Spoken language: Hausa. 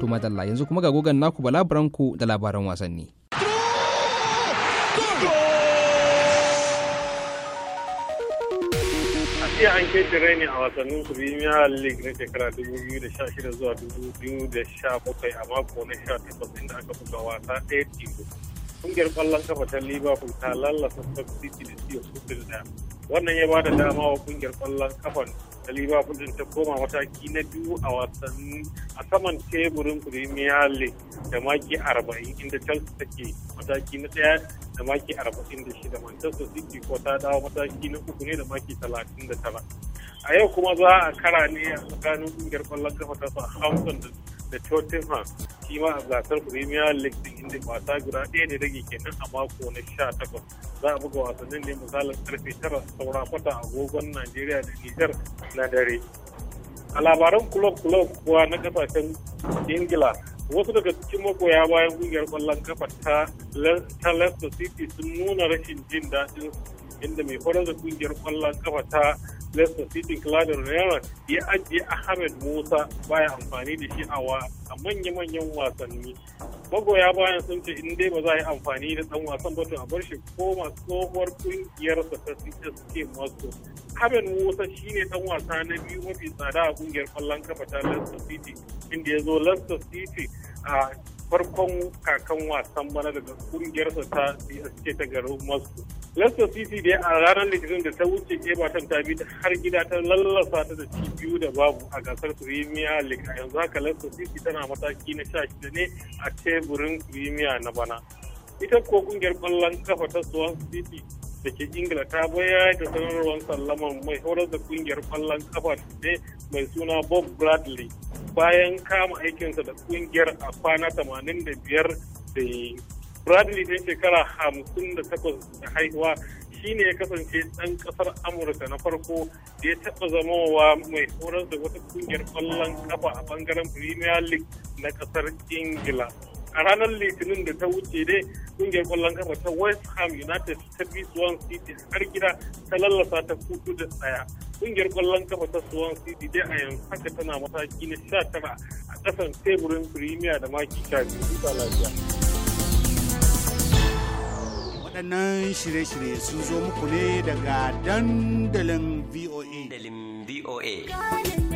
To madalla yanzu kuma ga gogan naku Bala Branko da labaran wasanni. jiya an kai ne a wasannin premier league na shekara 2016 zuwa 2017 a mako na 18 inda aka buga wasa ɗaya tilo kungiyar ƙwallon kafa ta liverpool ta lallasa stoke city da siya da wannan ya ba da dama wa kungiyar ƙwallon kafa abin da ta koma mataki na biyu a wasanni a saman teburin premier league da maki 40 inda chelsea take mataki na daya da maki 46 manchester city ko ta dawo mataki na uku ne da maki 39 a yau kuma za a kara ne a tsakanin kungiyar kwallon kafa ta hamsin da da Tottenham shi ma a gasar Premier League din inda wasa guda ɗaya ne rage kenan a mako na 18 za a buga wasannin ne misalin karfe tara saura kwata agogon Najeriya da Nijar na dare. A labaran club club kuwa na kasashen Ingila wasu daga cikin magoya bayan kungiyar kwallon kafa ta Leicester City sun nuna rashin jin daɗin inda mai horar da kungiyar kwallon kafa ta Leicester City Claudio Ranieri ya ajiye Ahmed Musa baya amfani da shi a manya-manyan wasanni. Magoya bayan sun ce in dai ba za a yi amfani da ɗan wasan ba to a bar shi koma tsohuwar ƙungiyarsa ta CSK Moscow. Ahmed Musa shine ɗan wasa na biyu mafi tsada a ƙungiyar ƙwallon kafa ta Leicester City inda ya zo Leicester City a farkon kakan wasan bana daga kungiyarsa ta CSK ta garin Moscow. Leicester City dai a ranar Litinin da ta wuce Everton ta bi har gida ta lallasa ta da ci biyu da babu a gasar Premier League a yanzu haka Leicester City tana mataki na 16 ne a teburin Premier na bana. Ita ko kungiyar kwallon kafa ta Swan City da ke ingila ta bayar da sanarwar sallaman mai horar da kungiyar kwallon kafa ne mai suna bob bradley bayan kama aikinsa da kungiyar a kwana 85 da Bradley ɗan shekara 58 da haihuwa shine ya kasance ɗan ƙasar Amurka na farko da ya taɓa zamowa mai horar da wata kungiyar ƙwallon kafa a bangaren Premier League na ƙasar Ingila. A ranar Litinin da ta wuce dai kungiyar kwallon kafa ta west ham united ta bi swan city har gida ta lallasa ta kutu da tsaya kungiyar kwallon kafa ta swan city dai a yanzu haka tana mataki na sha tara a kasan teburin firimiya da maki sha biyu lafiya waɗannan shirye-shirye sun zo muku ne daga dandalin voa dandalin voa